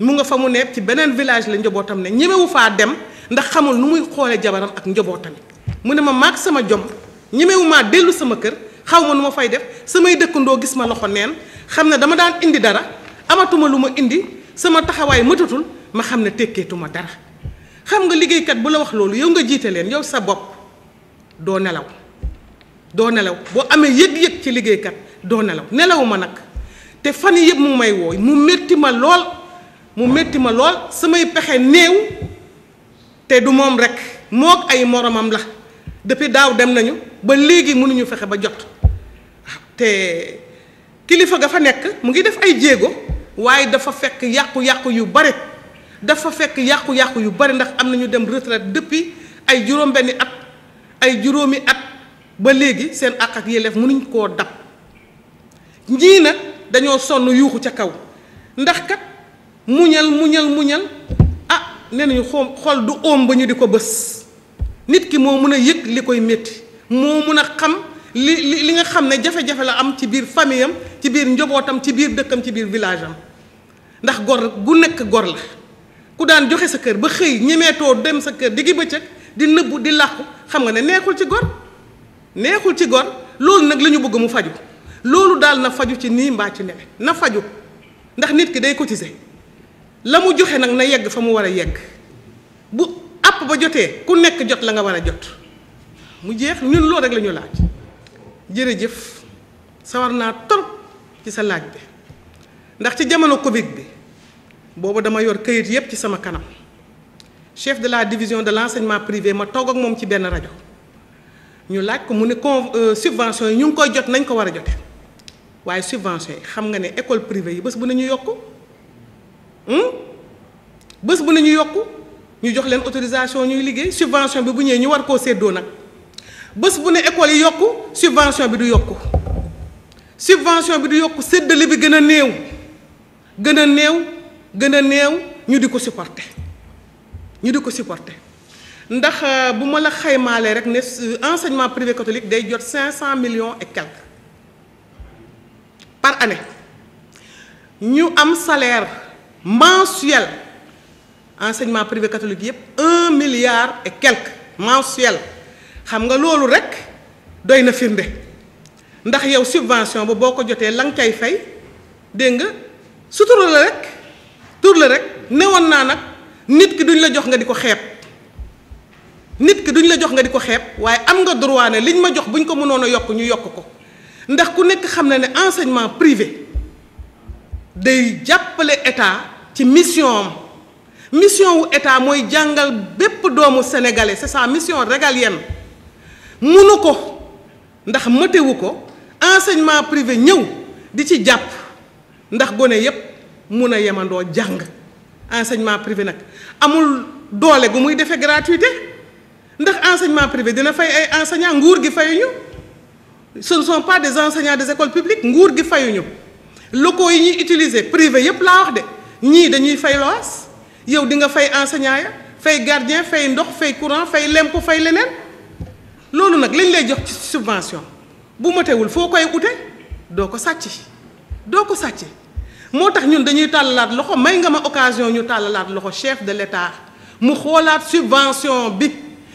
mu nga fa mu ne ci beneen village la njabootam ne ñemewu faa dem ndax xamul nu muy xoolee jabaram ak njabootam mu ne ma maag sama jom ñemewu maa dellu sama kër xaw ma nu ma fay def samay dëkkandoo gis ma loxo neen xam ne dama daan indi dara amatuma lu ma indi sama taxawaay matatul ma xam ne tekkeetuma dara xam nga liggéeykat bu la wax loolu yow nga jiite leen yow sa bopp doo nelaw doo nelaw boo amee yëg-yëg ci liggéeykat doo nelaw nelaw ma nag te fan yëpp mu may wooy mu métti ma lool mu metti ma lool samay pexe néew te du moom rek mook ay moromam la depuis daaw dem nañu ba léegi mënuñu fexe ba jot te kilifa ga fa nekk mu ngi def ay jéego waaye dafa fekk yàqu-yàqu yu bare dafa fekk yàqu-yàqu yu bare ndax am na ñu dem retraite depuis ay juróom-benni at ay juróomi at ba léegi seen àq ak yelleef mënuñ dab dañoo yuuxu ca kaw ndax kat muñal muñal muñal ah nee nañu xom xol du oom ba ñu di ko bës nit ki moo mën a yëg li koy métti moo mën a xam li li nga xam ne jafe-jafe la am ci biir famille am ci biir njobootam ci biir dëkkam ci biir village am ndax gor gu nekk gor la ku daan joxe sa kër ba xëy ñemeetoo dem sa kër diggi bëccëg di nëbbu di làqu xam nga ne neexul ci gor neexul ci gor loolu nag lañu bëgg mu faju loolu daal na faju ci nii mbaa ci ne na faju ndax nit ki day cotiser la mu joxe nag na yegg fa mu war a yegg bu àpp ba jotee ku nekk jot la nga war a jot mu jeex ñun loolu rek la ñu laaj jërëjëf sawar naa torop ci sa laaj bi ndax ci jamono Covid bi boobu dama yor këyit yépp ci sama kanam chef de la division de l'enseignement privé ma toog ak moom ci benn rajo ñu laaj ko mu ne con euh, subvention yi ñu ngi koy jot nañ ko war a jote waaye subvention yi xam nga ne école privée yi bés bu ne ñu yokk Hmm? bës bu ne ñu yokk ñu jox leen autorisation ñuy liggéey subvention bi bu ñëwee ñu war koo seddoo nag bës bu ne école yi yokku subvention bi du yokku subvention bi du yokk séddale bi gën a néew gën a néew gën a néew ñu di ko supporter ñu di ko supporter ndax euh, bu ma la xaymaalee rek ne euh, enseignement privé catholique day jot cinq cent millions et quelques par année ñu am salaire mensuel enseignement privé catholique 1 un milliard et quelques mensuel xam nga lolu rek doyna na firnde ndax yow subvention bo boko ko lang tay fay la rek la rek qui nit ki duñ la jox nga diko nit ki duñ la jox nga droit né liñ ma jox buñ ñu ko ndax ku enseignement privé de jàppale état ci mission mission où état moy jangal bépp doomu sénégalais c'est sa mission régalienne munu ndax mëtewu enseignement privé ñew di ci japp ndax gone yépp mun yémando yemandoo enseignement privé nak amul doolé gu muy défé gratuité ndax enseignement privé dina fay ay enseignants nguur gi fayuñu ce ne sont pas des enseignants des écoles publiques nguur gi fayuñu locaux yi ñuy utiliser privé yëpp laa wax de ñii dañuy fay loas yow di nga fay enseignant fay gardien fay ndox fay courant fay lempo fay lenen. loolu nag lañ lay jox ci subvention bu matewul foo koy ute doo ko sàcc doo ko sàcc moo tax ñun dañuy tàllalaat loxo may nga ma occasion ñu tàllalaat loxo chef de l'État mu xoolaat subvention bi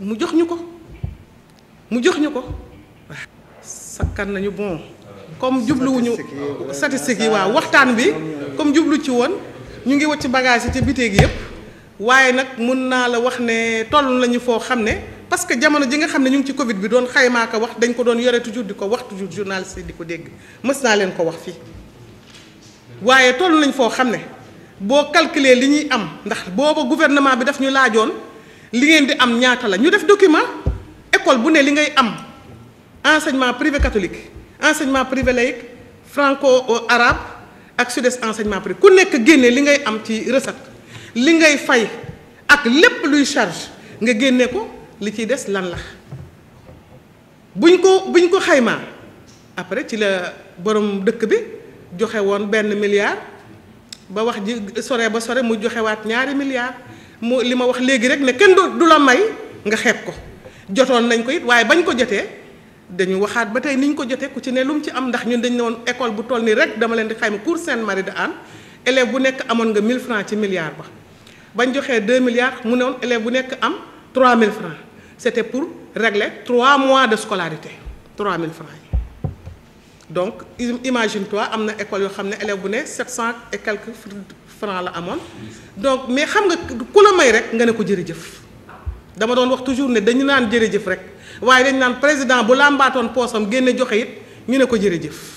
mu jox ñu ko mu jox ñu ko waaw sakkan nañu bon comme jubluwuñu statistiques yi waaw waxtaan bi comme jublu ci woon ñu ngi wacc bagage yi ca bitéeg yëpp waaye nag mun naa la wax ne toll nañu foo xam ne parce que jamono ji nga xam ne ñu ngi ci Covid bi doon xaymaa ko wax dañ ko doon yore toujours di ko wax toujours journaliste di ko dégg mës naa leen ko wax fii waaye toll nañ foo xam ne boo calculer li ñuy am ndax booba gouvernement bi daf ñu laajoon li ngeen di am ñaata la ñu def document école bu ne li ngay am enseignement privé catholique enseignement privé laïque franco arabe ak sud des enseignement privé ku nekk génne li ngay am ci recette li ngay fay ak lépp luy charge nga génne ko li ci des lan la buñ ko buñ ko xayma après ci la borom dëkk bi joxe woon benn milliard ba wax ji sore ba sore mu joxewaat ñaari milliards mu li ma wax léegi rek ne ken du du la may nga xeeb ko jotoon nañ ko it waye bañ ko jotee dañu waxaat ba niñ ko jotee ku ci ne lu ci am ndax ñun dañ ne école bu toll nii rek dama leen di xayma Cours Sainte-Marie de Anne élève bu nek amoon nga 1000 francs ci milliard ba bañ joxé 2 milliards mu ne woon élève bu nek am 3000 francs c'était pour régler 3 mois de scolarité 3000 francs donc imagine toi amna école yo xamné élève bu ne 700 et quelques francs la amoon donc mais xam nga kou la may rek nga ne ko jërëjëf dama don wax toujours ne dañu naan jërëjëf rek waye dañu naan président bu làmbaatoon posam génne joxe it ñu ne ko jërëjëf